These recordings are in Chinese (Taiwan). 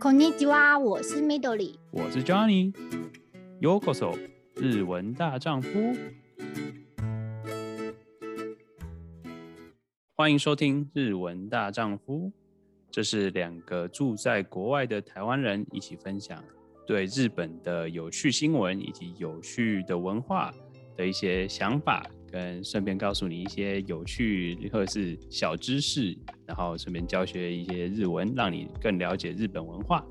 こんにちは，wa, 我是 Midori，我是 Johnny。Yokoso，日文大丈夫。歡迎收聽《日文大丈夫》，這是兩個住在國外的台灣人一起分享對日本的有趣新聞以及有趣的文化的一些想法。跟順便告訴你一些有趣或者是小知識，然後順便教學一些日文，讓你更了解日本文化。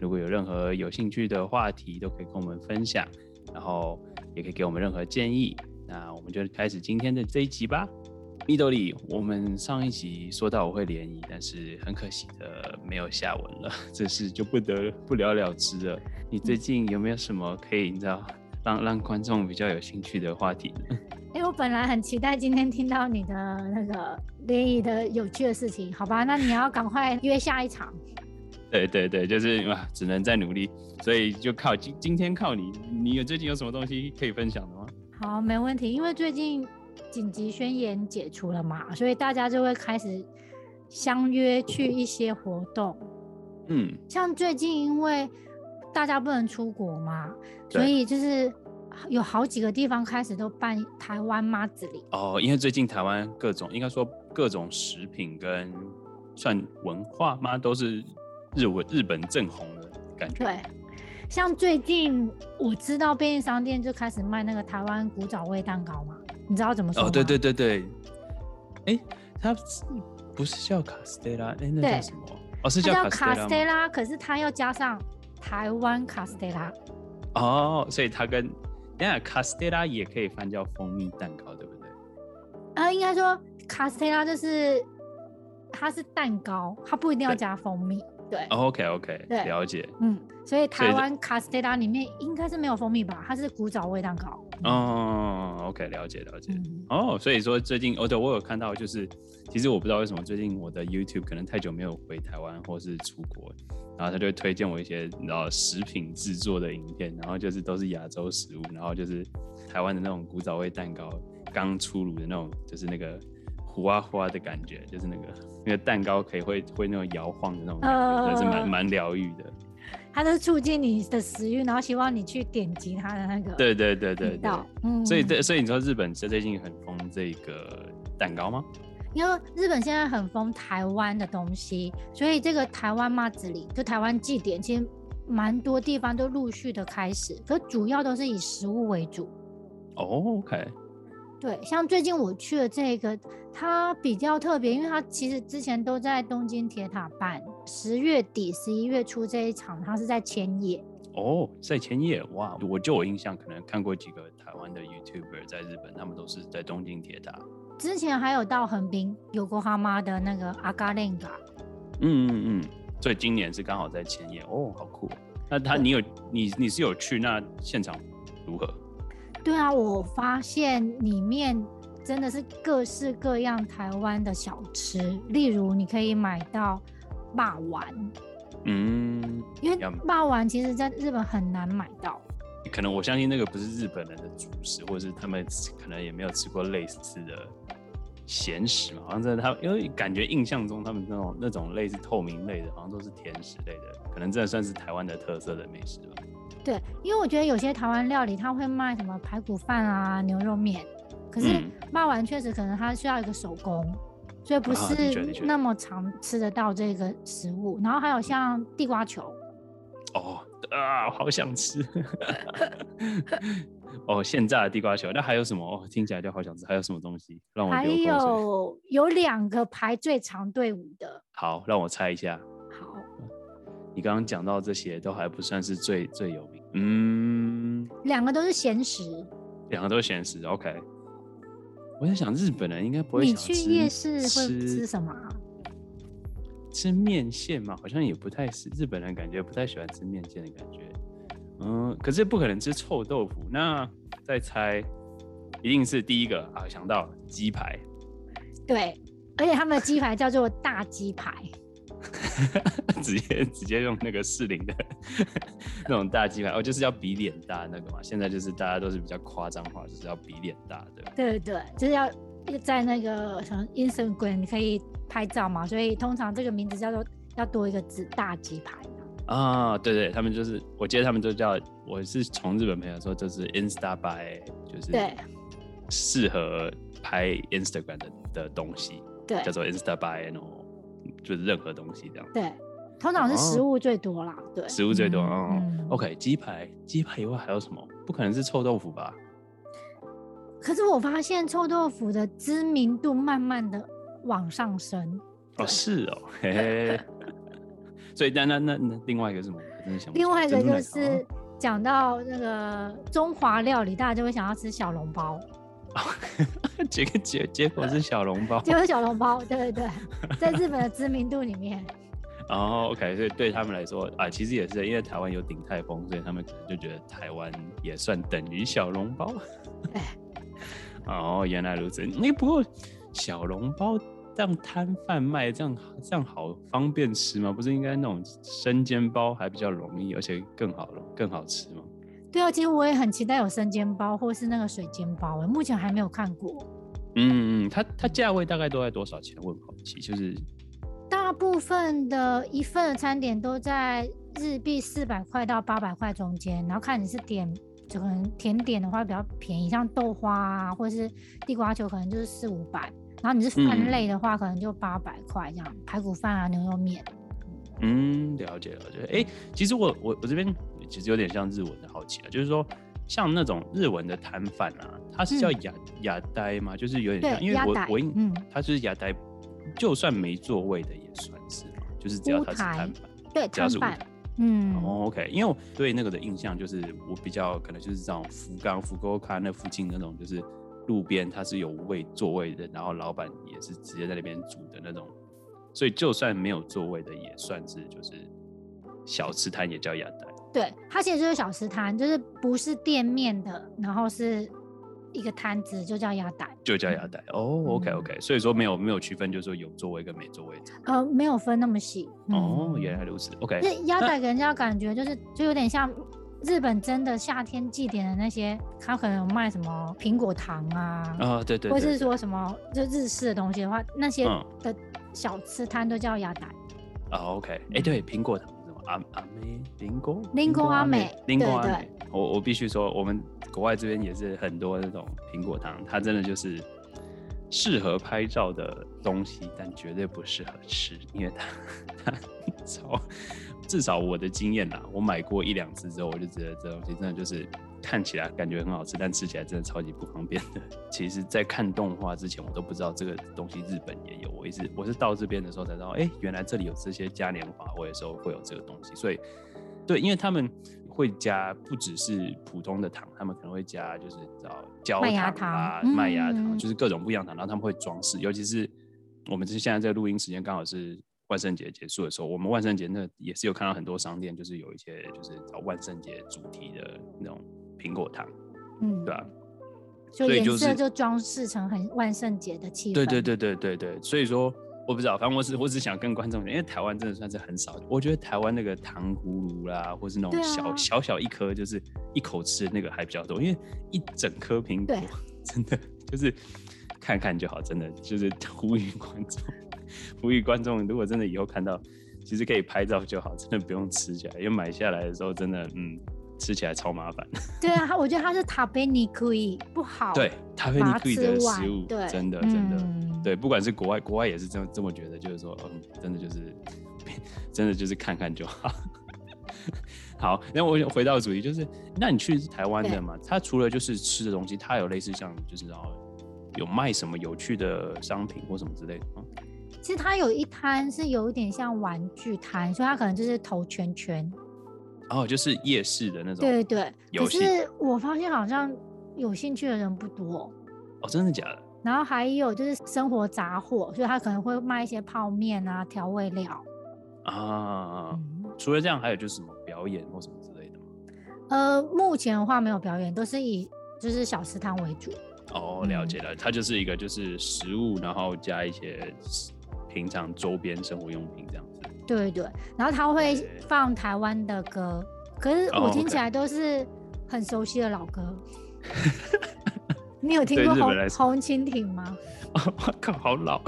如果有任何有興趣的話題，都可以跟我們分享，然後也可以給我們任何建議。那我們就開始今天的這一集吧。Midori，我們上一集說到我會聯誼，但是很可惜的沒有下文了，這事就不得不了了之了。你最近有沒有什麼可以你知道讓讓觀眾比較有興趣的話題？哎、欸，我本來很期待今天聽到你的那個聯誼的有趣的事情，好吧？那你要趕快約下一場。對對對，就是嘛，只能再努力，所以就靠今今天靠你。你有最近有什麼東西可以分享的嗎？好，沒問題，因為最近緊急宣言解除了嘛，所以大家就會開始相約去一些活動。嗯，像最近因為大家不能出國嘛，對所以就是。有好幾個地方開始都辦台灣媽子禮哦，因為最近台灣各種應該說各種食品跟算文化嘛，都是日文日本正紅的感覺。對，像最近我知道便利商店就開始賣那個台灣古早味蛋糕嘛，你知道怎麼說嗎？哦，對對對對，哎、欸，它不是叫卡斯特拉，那叫什麼？對哦，是叫卡斯特拉。叫卡斯特拉，可是它要加上台灣卡斯特拉。哦，所以它跟。那卡斯蒂拉也可以翻叫蜂蜜蛋糕，對不對？啊、呃，應該說卡斯蒂拉就是，它是蛋糕，它不一定要加蜂蜜。對、oh,，OK OK，對，了解，嗯，所以台灣卡斯特拉裡面應該是沒有蜂蜜吧？它是古早味蛋糕。哦、嗯 oh,，OK，了解了解。哦、嗯，oh, 所以說最近我、oh, 對，我有看到，就是其實我不知道為什麼最近我的 YouTube 可能太久沒有回台灣或是出國，然後他就推薦我一些你知道食品制作的影片，然後就是都是亞洲食物，然後就是台灣的那種古早味蛋糕，剛出爐的那種，就是那個。糊啊呼啊的感覺，就是那個那個蛋糕可以會會那種搖晃的那種感覺，呃、還是蠻蠻療癒的。它都是促進你的食欲，然後希望你去點擊它的那個。對對對對。嗯，所以對，所以你知道日本是最近很瘋這個蛋糕嗎？因為日本現在很瘋台灣的東西，所以這個台灣麻子禮就台灣祭典，其實蠻多地方都陸續的開始，可主要都是以食物為主。哦、OK。對，像最近我去的這個，它比較特別，因為它其實之前都在東京鐵塔辦，十月底、十一月初這一場，它是在千葉。哦，在千葉，哇！我就我印象，可能看過幾個台灣的 YouTuber 在日本，他們都是在東京鐵塔。之前還有到橫濱有過他媽的那個阿卡列嘎。嗯嗯嗯，所以今年是剛好在千葉，哦，好酷。那他，你有、嗯、你你是有去，那現場如何？對啊，我發現裡面真的是各式各樣台灣的小吃，例如你可以買到霸丸，嗯，因為霸丸其實在日本很難買到，可能我相信那個不是日本人的主食，或者是他們可能也沒有吃過類似的鹹食嘛，好像在他因為感覺印象中他們那種那種類似透明類的，好像都是甜食類的，可能這算是台灣的特色的美食吧。對，因為我覺得有些台灣料理他會賣什麼排骨飯啊、牛肉麵，可是賣完確實可能它需要一個手工，嗯、所以不是那麼常吃得到這個食物。啊啊然後還有像地瓜球，哦啊，好想吃！ 哦，現炸的地瓜球。那還有什麼？哦，聽起來就好想吃。還有什麼東西讓我有還有有兩個排最長隊伍的。好，讓我猜一下。你剛剛講到這些都還不算是最最有名的，嗯，兩個都是鹹食，兩個都是鹹食，OK。我在想日本人應該不會。你去夜市吃會吃什麼啊？吃麵線嘛，好像也不太是日本人，感覺不太喜歡吃麵線的感覺。嗯，可是不可能吃臭豆腐。那再猜，一定是第一個啊，想到雞排。對，而且他們的雞排叫做大雞排。 直接直接用那個士林的 那種大雞排，哦，就是要比臉大那個嘛。現在就是大家都是比較誇張化，就是要比臉大，對吧？對對，對就是要在那個什麼 Instagram 可以拍照嘛，所以通常這個名字叫做要多一個字“大雞排”哦。啊，對對，他們就是，我記得他們就叫，我是從日本朋友說，就是 Insta by，就是對，適合拍 Instagram 的的東西，對，叫做 Insta by。就是任何東西這樣。對，通常是食物最多啦。哦、對，食物最多。嗯、哦、嗯，OK，雞排，雞排以外還有什麼？不可能是臭豆腐吧？可是我發現臭豆腐的知名度慢慢的往上升。哦，是哦。嘿嘿。所以那那那那另外一個是什麼？是想想另外一個就是講到那個中華料理，哦、大家就會想要吃小籠包。這個 結果，結果是小籠包， 結果是小籠包，對對對，在日本的知名度裡面。哦 OK 所以對他們來說啊，其實也是因為台灣有鼎泰豐，所以他們可能就覺得台灣也算等於小籠包。哦、 oh,，原來如此。那不過小籠包這樣攤販賣這樣這樣好方便吃嗎？不是應該那種生煎包還比較容易，而且更好更好吃嗎？對啊，其實我也很期待有生煎包或是那個水煎包誒，我目前還沒有看過。嗯，嗯，它它價位大概都在多少錢？我很好奇。就是大部分的一份的餐點都在日幣四百塊到八百塊中間，然後看你是點，就可能甜點的話比較便宜，像豆花啊或是地瓜球可能就是四五百，然後你是飯類的話可能就八百塊這樣，嗯、排骨飯啊牛肉麵。嗯，嗯，了解了解。哎，其實我我我這邊。其實有點像日文的好奇啊，就是說，像那種日文的攤販啊，它是叫屋屋、嗯、台嘛，就是有點像，對因為我呆我應，嗯、它就是屋台，就算沒座位的也算是，就是只要它是攤販，對攤販，嗯，OK，因為對那個的印象就是我比較可能就是這種福岡福溝卡那附近那種就是路邊它是有位座位的，然後老板也是直接在那邊煮的那種，所以就算沒有座位的也算是就是小吃攤也叫屋台。對，它其實就是小吃攤，就是不是店面的，然後是一個攤子，就叫屋台，就叫屋台哦。嗯、OK OK，所以說沒有沒有區分，就是說有座位跟沒座位，嗯、呃，沒有分那麼細。嗯、哦，原來如此。OK，屋台給人家感覺就是就有點像日本真的夏天祭典的那些，他可能有賣什麼蘋果糖啊，啊、哦、對，對，對對，或是說什麼就日式的東西的話，那些的小吃攤都叫屋台、嗯。哦，OK，哎對，蘋果糖。阿阿美蘋果，蘋果阿美，阿美對，對對，我我必須說，我們國外這邊也是很多這種蘋果糖，它真的就是適合拍照的東西，但絕對不適合吃，因為它它超至少我的經驗啦，我買過一兩次之後，我就覺得這東西真的就是。看起來感覺很好吃，但吃起來真的超級不方便的。其實，在看動畫之前，我都不知道這個東西日本也有。我一直，我是到這邊的時候才知道，哎、欸，原來這裡有這些嘉年華。我有時候會有這個東西，所以對，因為他們會加不只是普通的糖，他們可能會加就是找焦糖啊、麥芽糖，就是各種不一樣糖。然後他們會裝飾，尤其是我們這現在在錄音時間剛好是萬聖節結束的時候，我們萬聖節那也是有看到很多商店，就是有一些就是找萬聖節主題的。蘋果糖，嗯，對啊。所以，所以就是就裝飾成很萬聖節的氣氛。對對對對對，所以說我不知道，反正我是我只想跟觀眾講，因為台灣真的算是很少，我覺得台灣那個糖葫蘆啦，或是那種小、啊、小小一顆就是一口吃的那個還比較多，因為一整顆蘋果對真的就是看看就好，真的就是呼籲觀眾，呼籲觀眾，如果真的以後看到，其實可以拍照就好，真的不用吃起來，因為買下來的時候真的嗯。吃起來超麻煩。對啊，他我覺得他是食べにくい不好。 對，食べにくい的食物，對,對真，真的真的，嗯、對，不管是國外國外也是這樣這麼覺得，就是說，嗯，真的就是，真的就是看看就好。 好，那我想回到主題，就是那你去台灣的嘛，對它除了就是吃的東西，它有類似像就是哦，有賣什麼有趣的商品或什麼之類的、嗯、其實它有一攤是有一點像玩具攤，所以它可能就是投圈圈。哦，就是夜市的那種，對對對。可是我發現好像有興趣的人不多。哦，真的假的？然後還有就是生活雜貨，所以他可能會賣一些泡麵啊、調味料啊。嗯。除了這樣，還有就是什麼表演或什麼之類的嗎？呃，目前的話沒有表演，都是以就是小食堂為主。哦，了解了。嗯。它就是一個就是食物，然後加一些平常周邊生活用品這樣。對對，然後他會放台灣的歌，對可是我聽起來都是很熟悉的老歌。Oh, okay 你有聽過紅《紅紅蜻蜓》嗎？啊、哦，我靠，好老！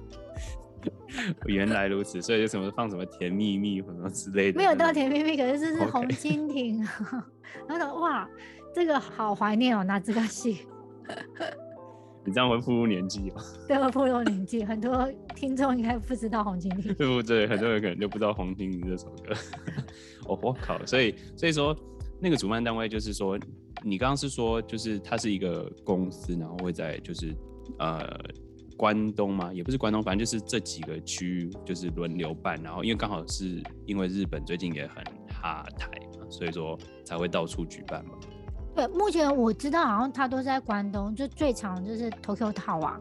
原來如此，所以就什麼放什麼甜蜜蜜或什麼之類的， 沒有到甜蜜蜜，可是這是《紅蜻蜓》。然後哇，這個好懷念哦，那這個戲。 你這樣會暴露年紀哦。對，暴露年紀， 很多聽眾應該不知道《紅蜻蜓》。對不對？很多人可能就不知道《紅蜻蜓》這首歌。我 我、oh, 靠！所以所以說，那個主辦單位就是說，你剛剛是說，就是它是一個公司，然後會在就是呃關東嗎？也不是關東，反正就是這幾個區就是輪流辦，然後因為剛好是因為日本最近也很哈台嘛，所以說才會到處舉辦嘛。對，目前我知道好像他都是在關東，就最常就是 Tokyo Tower，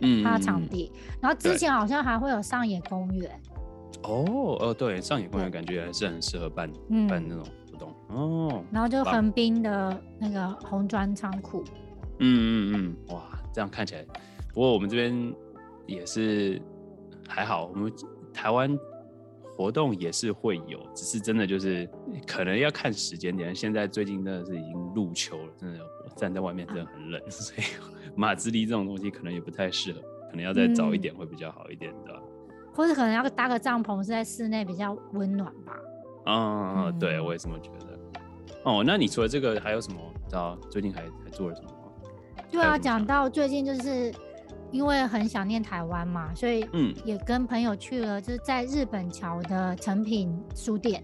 嗯，他的場地。嗯、然後之前好像還會有上野公園，哦哦，對，上野公園感覺還是很適合辦對辦，辦那種活動哦。然後就橫濱的那個紅磚倉庫，嗯嗯嗯，哇，這樣看起來。不過我們這邊也是還好，我們台灣。活動也是會有，只是真的就是可能要看時間點。現在最近真的是已經入秋了，真的我站在外面真的很冷，啊、所以馬自力這種東西可能也不太適合，可能要再早一點會比較好一點，的、嗯，或者可能要搭個帳篷，是在室內比較溫暖吧。哦、嗯對，我也這麼覺得。哦，那你除了這個還有什麼？知道最近還還做了什麼？什麼，對啊，講到最近就是。因為很想念台灣嘛，所以嗯，也跟朋友去了，就是在日本橋的誠品書店。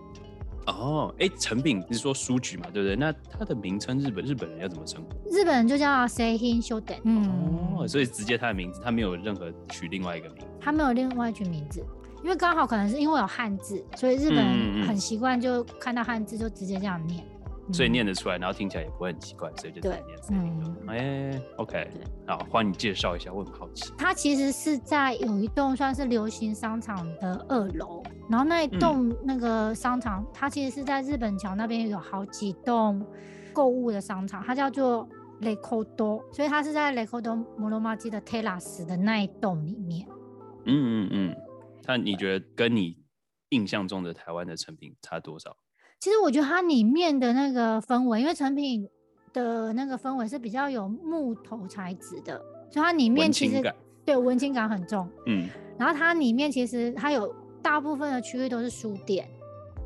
嗯、哦，哎、欸，誠品是說書局嘛，對不對？那它的名稱日本日本人要怎麼稱？日本人就叫 Seihin Shoten，嗯、哦，所以直接它的名字，它沒有任何取另外一個名。它沒有另外取名字，因為剛好可能是因為有漢字，所以日本人很習慣就看到漢字就直接這樣念。嗯嗯嗯、所以念得出來，然後聽起來也不會很奇怪，所以就只念。嗯、欸，哎，OK，好，歡迎你介紹一下，我很好奇。它其實是在有一棟算是流行商場的二樓，然後那一棟那個商場，嗯、它其實是在日本橋那邊有好幾棟購物的商場，它叫做 COREDO，所以它是在 COREDO 室町的 Terrace 的那一棟裡面。嗯嗯嗯，那你覺得跟你印象中的台灣的誠品差多少？其實我覺得它裡面的那個氛圍，因為誠品的那個氛圍是比較有木頭材質的，所以它裡面其實對溫馨感很重，嗯。然後它裡面其實它有大部分的區域都是書店，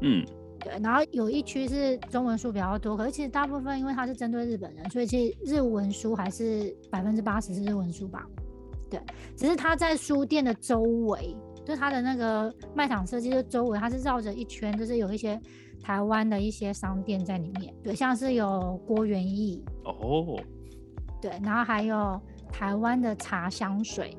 嗯，對。然後有一區是中文書比較多，可是其實大部分因為它是針對日本人，所以其實日文書還是百分之八十是日文書吧，對。只是它在書店的周圍。就是它的那個賣場設計，就周圍它是繞着一圈，就是有一些台灣的一些商店在裡面，對，像是有郭元益哦，對，然後還有台灣的茶香水，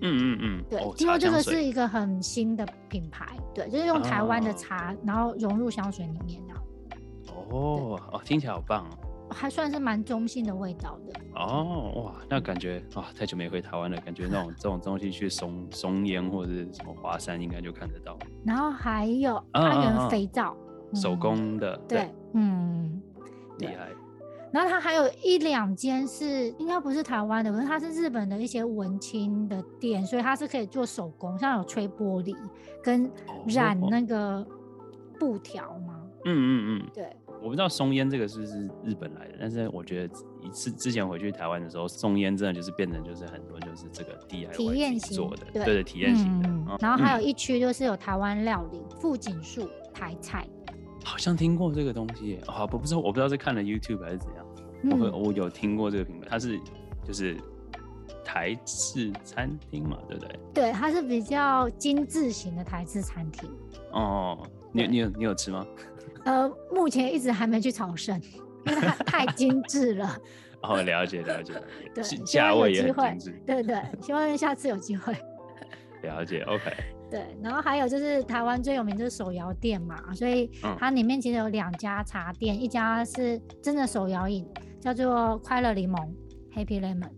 嗯嗯嗯，對，哦、因為這個是一個很新的品牌，對，就是用台灣的茶、哦、然後融入香水裡面這樣，哦哦，聽起來好棒哦。還算是蠻中性的味道的哦，oh, 哇，那感覺啊，太久沒回台灣了，感覺那種這種東西去松松菸或者什麼華山應該就看得到。然後還有安源肥皂，手工的，對，對，嗯，厲害。然後它還有一兩間是應該不是台灣的，可是它是日本的一些文青的店，所以它是可以做手工，像有吹玻璃跟染那個布條嗎？嗯嗯、oh, oh. 對嗯，嗯嗯對。我不知道松煙這個是不是日本來的，但是我覺得一次之前回去台灣的時候，松煙真的就是變成就是很多就是這個 DIY 自己做的，對，對的體驗型的。嗯嗯、然後還有一區就是有台灣料理，富錦樹台菜，好像聽過這個東西，好、哦、不不知道我不知道是看了 YouTube 還是怎樣，我、嗯、我有聽過這個品牌，它是就是台式餐廳嘛，對不對？對，它是比較精緻型的台式餐廳。哦，你對你有你有吃嗎？呃，目前一直還沒去朝聖，因為它太精緻了。 哦，了解了解。 對，下一次有機會。對對，希望下次有機會。了解，OK。對，然後還有就是台灣最有名的就是手搖店嘛，所以它裡面其實有兩家茶店，嗯、一家是真的手搖飲，叫做快樂檸檬 （Happy Lemon）。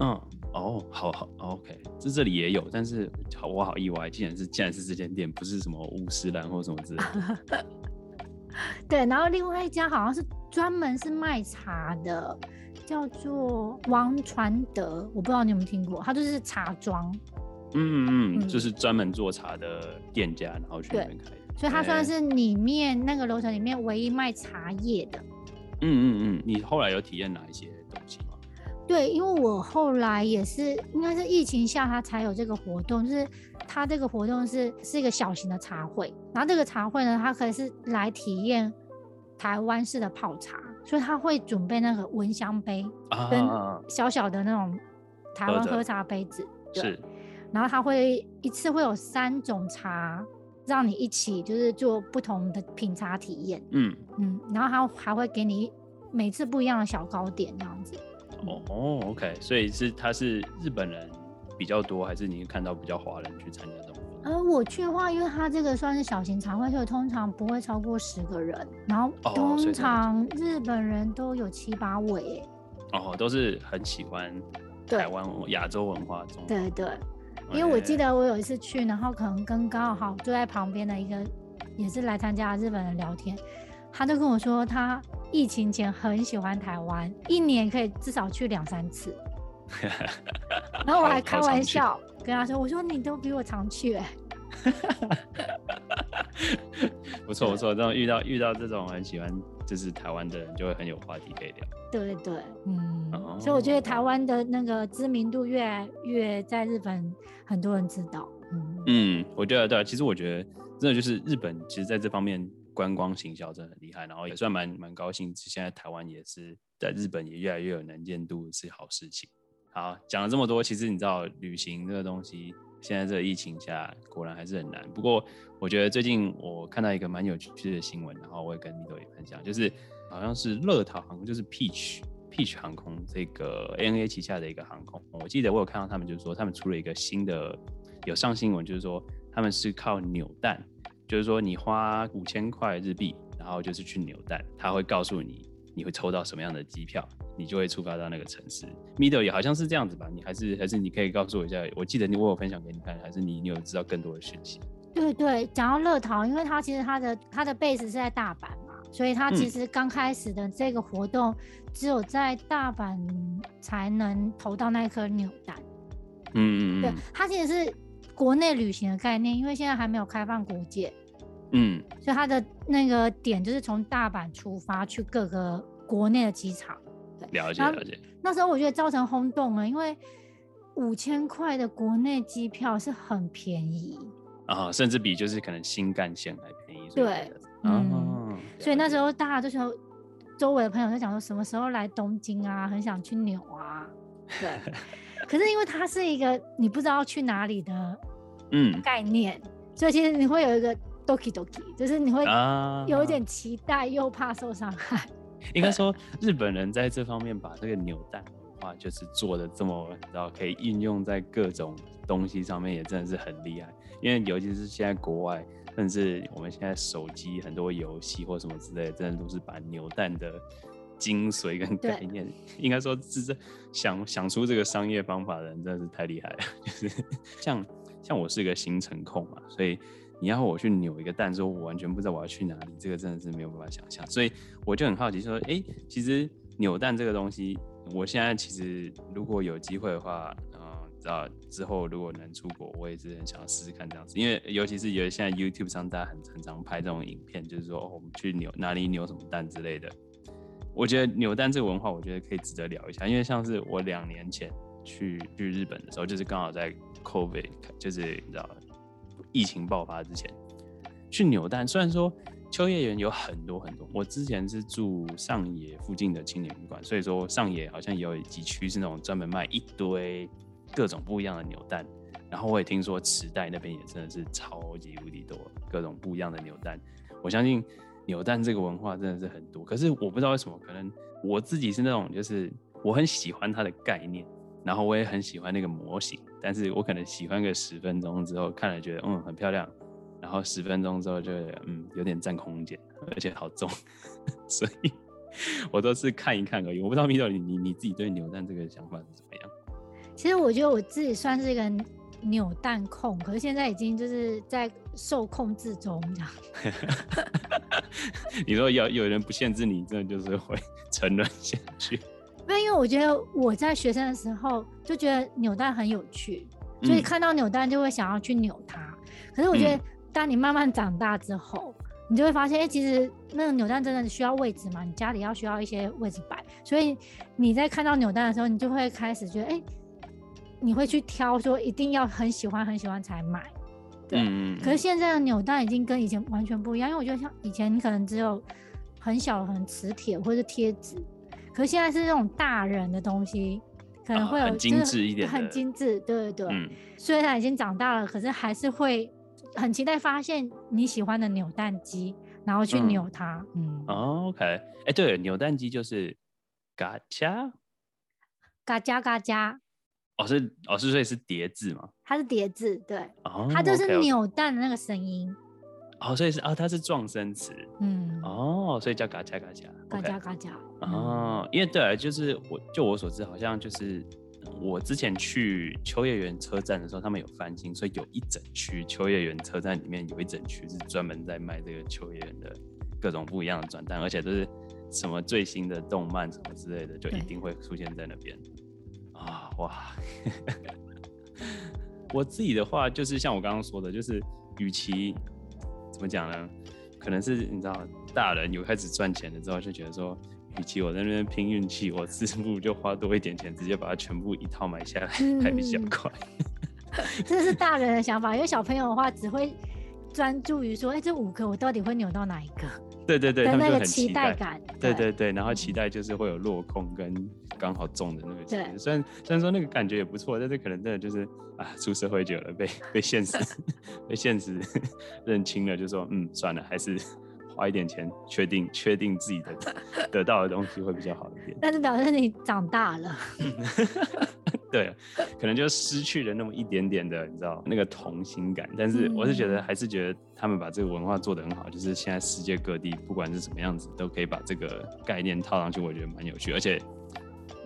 嗯，哦，好好，OK。這這裡也有，但是好，我好意外，竟然是竟然是這間店，不是什麼五十嵐或什麼之類 對，然後另外一家好像是專門是賣茶的，叫做王傳德，我不知道你有沒有聽過，他就是茶莊。嗯嗯，嗯就是專門做茶的店家，然後去那邊開的。所以他算是裡面、欸、那個樓層裡面唯一賣茶葉的。嗯嗯嗯，你後來有體驗哪一些？對，因為我後來也是，應該是疫情下他才有這個活動，就是他這個活動是是一個小型的茶會，然後這個茶會呢，他可以是來體驗台灣式的泡茶，所以他會準備那個聞香杯跟小小的那種台灣喝茶杯子，是，然後他會一次會有三種茶，讓你一起就是做不同的品茶體驗，嗯嗯，然後他還會給你每次不一樣的小糕點這樣子。哦哦，OK，所以是他是日本人比較多，還是你看到比較華人去參加這種？呃，我去的話，因為他這個算是小型茶會，所以通常不會超過十個人，然後通常日本人都有七八位，欸，哦，都是很喜歡台灣亞對洲文化中對對，因為我記得我有一次去，然後可能跟剛好坐在旁邊的一個也是來參加的日本人聊天，他就跟我說他。疫情前很喜歡台灣，一年可以至少去兩三次。 然後我還開玩笑跟他說：“我說你都比我常去，欸。”哈不錯不錯，不錯對這種遇到遇到這種很喜歡就是台灣的人，就會很有話題可以聊。對對對，嗯，uh oh, 所以我覺得台灣的那個知名度越來越，在日本很多人知道。嗯嗯，我覺得對啊，其實我覺得真的就是日本，其實在這方面，觀光行銷真的很厲害，然後也算蠻蠻高興，現在台灣也是在日本也越來越有能見度，是好事情。好，講了這麼多，其實你知道旅行這個東西，現在這個疫情下果然還是很難。不過我覺得最近我看到一個蠻有趣的新聞，然後我也跟米朵也分享，就是好像是樂桃航空，就是 Peach Peach 航空這個 ANA 旗下的一個航空。我記得我有看到他們就是說，他們出了一個新的，有上新聞就是說他們是靠扭蛋。就是說，你花五千塊日幣，然後就是去扭蛋，他會告訴你你會抽到什麼樣的機票，你就會出發到那個城市。米德也好像是這樣子吧？你還是還是你可以告訴我一下，我記得你我有分享給你看，還是你你有知道更多的訊息？對對，講到樂桃，因為它其實它的它的 base 是在大阪嘛，所以它其實剛開始的這個活動只有在大阪才能投到那一顆扭蛋。嗯嗯嗯，對，它其實是國內旅行的概念，因為現在還沒有開放國界。嗯，所以他的那個點就是從大阪出發去各個國內的機場，了解了解。後了解那時候我覺得造成轟動啊，因為五千塊的國內機票是很便宜啊，哦，甚至比就是可能新幹線還便宜，便宜。對，嗯，嗯解所以那時候大家就說，周圍的朋友就講說，什麼時候來東京啊？很想去扭啊。對， 可是因為它是一個你不知道去哪裡的，嗯，概念，嗯，所以其實你會有一個。就是你會有一點期待，又怕受傷害。Uh, 應該說，日本人在這方面把這個扭蛋的話，就是做的這麼，然後可以運用在各種東西上面，也真的是很厲害。因為尤其是現在國外，甚至我們現在手機很多遊戲或什麼之類，真的都是把扭蛋的精髓跟概念，對應該說是，這想想出這個商業方法的人，真的是太厲害了。就是像像我是一個行程控嘛，所以。你要我去扭一個蛋，說，我完全不知道我要去哪裡，這個真的是沒有辦法想象。所以我就很好奇，說，哎，其實扭蛋這個東西，我現在其實如果有機會的話，嗯，知道之後如果能出國，我也是很想要試試看這樣子。因為尤其是有現在 YouTube 上大家很，很常拍這種影片，就是說我們去扭哪裡扭什麼蛋之類的。我覺得扭蛋這個文化，我覺得可以值得聊一下。因為像是我兩年前去去日本的時候，就是剛好在 COVID，就是你知道。疫情爆發之前，去扭蛋，雖然說秋葉原有很多很多，我之前是住上野附近的青年旅館，所以說上野好像也有幾區是那種專門賣一堆各種不一樣的扭蛋，然後我也聽說池袋那邊也真的是超級無敵多，各種不一樣的扭蛋，我相信扭蛋這個文化真的是很多，可是我不知道為什麼，可能我自己是那種就是我很喜歡它的概念，然後我也很喜歡那個模型，但是我可能喜歡個十分鐘之後，看了覺得嗯，很漂亮，然後十分鐘之後就嗯，有點占空間，而且好重， 所以，我都是看一看而已。我不知道米豆你你自己對扭蛋這個想法是怎麼樣？其實我覺得我自己算是一個扭蛋控，可是現在已經就是在受控制中這樣。 你說有有人不限制你，真的就是會沉淪下去。因為我覺得我在學生的時候就覺得扭蛋很有趣，所以、嗯、看到扭蛋就會想要去扭它。可是我覺得當你慢慢長大之後，嗯、你就會發現，哎，其實那個扭蛋真的需要位置嘛，你家裡要需要一些位置擺。所以你在看到扭蛋的時候，你就會開始覺得，哎，你會去挑，說一定要很喜歡、很喜歡才買。對。嗯、可是現在的扭蛋已經跟以前完全不一樣，因為我覺得像以前你可能只有很小很磁鐵或者是貼紙。可是現在是這種大人的東西，可能會有、啊、很精緻一點，很精緻，對對，對，嗯，雖然它已經長大了，可是還是會很期待發現你喜歡的扭蛋機，然後去扭它。嗯，嗯、oh,，OK，哎、欸，對，扭蛋機就是嘎加，嘎加嘎加。哦、oh,，oh, 是哦，是所以是疊字嘛？它是疊字，對，oh, okay. 它就是扭蛋的那個聲音。哦，所以是啊、哦，它是狀聲詞，嗯，哦，所以叫嘎加嘎加，嘎加嘎加，哦，嗯、因為對啊，就是我，就我所知，好像就是我之前去秋葉原車站的時候，他們有翻新，所以有一整區秋葉原車站裡面有一整區是專門在賣這個秋葉原的各種不一樣的轉蛋，而且都是什麼最新的動漫什麼之類的，就一定會出現在那邊。啊對、哦，哇， 我自己的話就是像我剛剛說的，就是與其。怎麼講呢？可能是你知道，大人有開始賺錢了之後，就覺得說，比起我在那邊拼運氣，我是不是就花多一點錢，直接把它全部一套買下來，嗯、還比較快？這是大人的想法，因為小朋友的話只會專注於說，哎、 欸，這五顆我到底會扭到哪一個？對對對，那個期待感，對對對，然後期待就是會有落空跟剛好中的那個感覺。對雖然雖然說那個感覺也不錯，但是可能真的就是啊，出社會久了，被被現實 被現實認清了，就說嗯，算了，還是花一點錢，確定確定自己的得到的東西會比較好一點。但是表示你長大了。 對，可能就失去了那麼一點點的，你知道那個童心感。但是我是覺得，還是覺得他們把這個文化做得很好，就是現在世界各地不管是什麼樣子，都可以把這個概念套上去，我覺得蠻有趣。而且，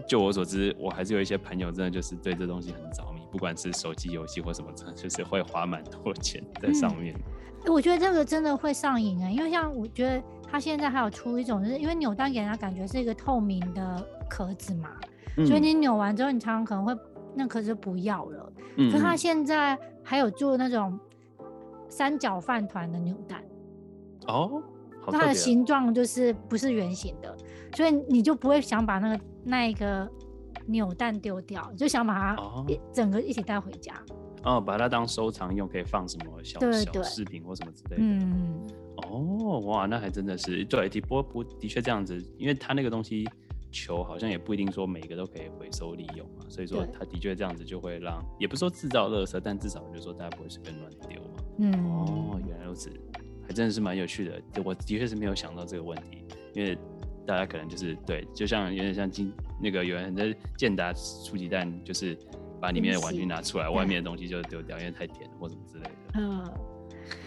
就我所知，我還是有一些朋友真的就是對這東西很着迷，不管是手機遊戲或什麼，就是會花蠻多錢在上面。嗯，我覺得這個真的會上癮啊，欸，因為像我覺得他現在還有出一種，就是因為扭蛋給人家感覺是一個透明的殼子嘛。所以你扭完之後，你常常可能會那顆就不要了。嗯、可是他現在還有做那種三角飯糰的扭蛋，哦，那它、啊、的形狀就是不是圓形的，所以你就不會想把那個那一個扭蛋丟掉，就想把它一、哦、整個一起帶回家。哦，把它當收藏用，可以放什麼小對對小飾品或什麼之類的。嗯嗯。哦哇，那還真的是對，不不的確這樣子，因為它那個東西。球好像也不一定說每個都可以回收利用嘛，所以說它的確這樣子就會讓，對也不是說製造垃圾，但至少就是說大家不會隨便亂丟嘛。嗯，哦，原來如此，還真的是蠻有趣的。就我的確是沒有想到這個問題，因為大家可能就是對，就像有點像今那個有人在健達出奇蛋，就是把裡面的玩具拿出來，嗯、外面的東西就丟掉，因為太甜了或什麼之類的。嗯，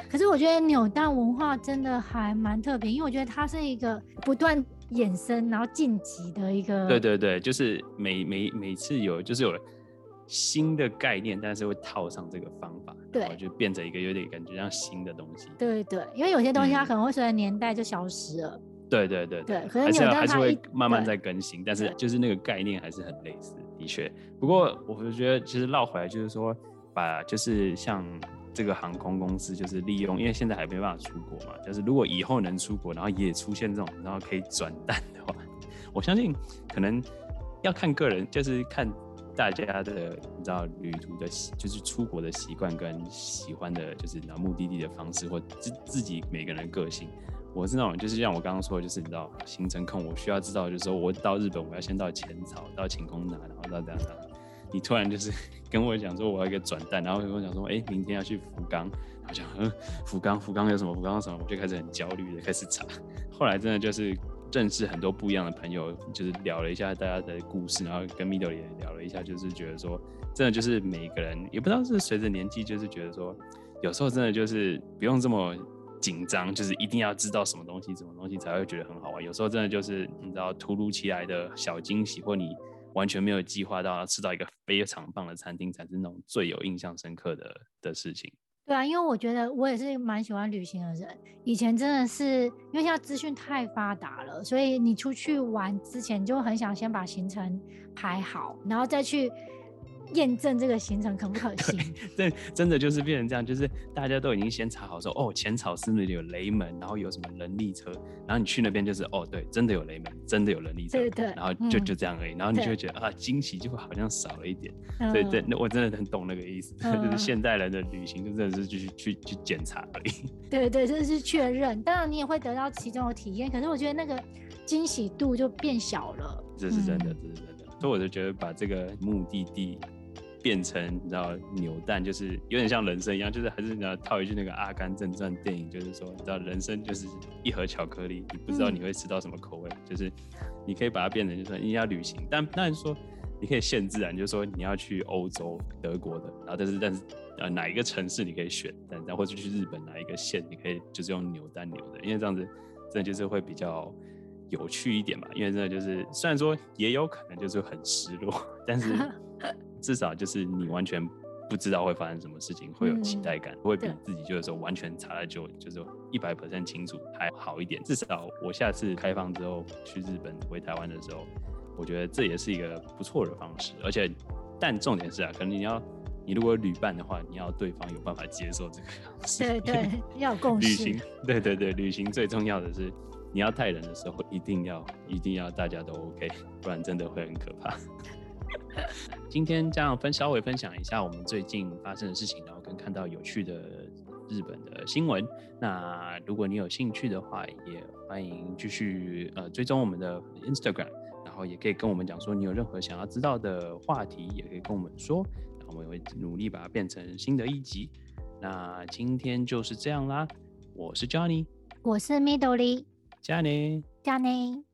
可是我覺得扭蛋文化真的還蠻特別，因為我覺得它是一個不斷。衍生，然後晉級的一個，對對對，就是每每每次有就是有新的概念，但是會套上這個方法，對，然後就變成一個有點感覺像新的東西。對，對對，因為有些東西它可能會隨着年代就消失了。嗯、對對對對，對可能有還是還是會慢慢在更新，對但是就是那個概念還是很類似，的確。不過我就覺得其實繞回來就是說，把就是像。這個航空公司就是利用，因為現在還沒辦法出國嘛，就是如果以後能出國，然後也出現這種，然後可以轉蛋的話，我相信可能要看個人，就是看大家的，你知道旅途的，就是出國的習慣跟喜歡的，就是拿目的地的方式或自自己每個人的個性。我是那種，就是像我剛剛說的，就是你知道行程控，我需要知道，就是說我到日本，我要先到淺草，到晴空塔，然後到這樣這樣。你突然就是跟我講說我要一個轉蛋，然後跟我講說，哎、欸，明天要去福岡，然後我講，福岡，福岡有什麼？福岡有什麼？我就開始很焦慮的開始查，後來真的就是認識很多不一樣的朋友，就是聊了一下大家的故事，然後跟 Midol 也聊了一下，就是覺得說，真的就是每個人也不知道是隨着年紀，就是覺得說，有時候真的就是不用這麼緊張，就是一定要知道什麼東西、什麼東西才會覺得很好玩，有時候真的就是你知道突如其來的小驚喜，或你。完全沒有計劃到要吃到一個非常棒的餐廳，才是那種最有印象深刻的的事情。對啊，因為我覺得我也是蠻喜歡旅行的人。以前真的是因為現在資訊太發達了，所以你出去玩之前就很想先把行程排好，然後再去。驗證這個行程可不可行？對，這真的就是變成這樣，就是大家都已經先查好說，哦，淺草是不是有雷門，然後有什麼人力車，然後你去那邊就是，哦，對，真的有雷門，真的有人力車，對，對對，然後就、嗯、就這樣而已，然後你就會覺得對啊，驚喜就會好像少了一點。對對，那我真的很懂那個意思，嗯、 就是現代人的旅行就真的是去去去檢查而已。對，對對，真的是確認，當然你也會得到其中的體驗，可是我覺得那個驚喜度就變小了。嗯、這是真的，這是真的，所以我就覺得把這個目的地。變成你知道扭蛋，就是有點像人生一樣，就是還是你要套一句那個《阿甘正傳》電影，就是說你知道人生就是一盒巧克力，你不知道你會吃到什麼口味。嗯。就是你可以把它變成就是說你要旅行，但但是說你可以限制啊，你就說你要去歐洲德國的，然後但是但是呃哪一個城市你可以選，然後或者去日本哪一個縣你可以就是用扭蛋扭的，因為這樣子真的就是會比較有趣一點嘛，因為真的就是雖然說也有可能就是很失落，但是。 至少就是你完全不知道會發生什麼事情，嗯、會有期待感，嗯、會比自己就是說完全查了就就是一百 percent 清楚還好一點。至少我下次開放之後去日本回台灣的時候，我覺得這也是一個不錯的方式。而且，但重點是啊，可能你要你如果旅伴的話，你要對方有辦法接受這個。對，對對，要共識。 旅行，對對對，對，旅行最重要的是你要帶人的時候，一定要一定要大家都 OK，不然真的會很可怕。 今天這樣分稍微分享一下我們最近發生的事情，然後跟看到有趣的日本的新聞。那如果你有興趣的話，也歡迎繼續呃追蹤我們的 Instagram，然後也可以跟我們講說你有任何想要知道的話題，也可以跟我們說，然後我們也會努力把它變成新的一集。那今天就是這樣啦，我是 Johnny，我是 Midori，Johnny，Johnny。Johnny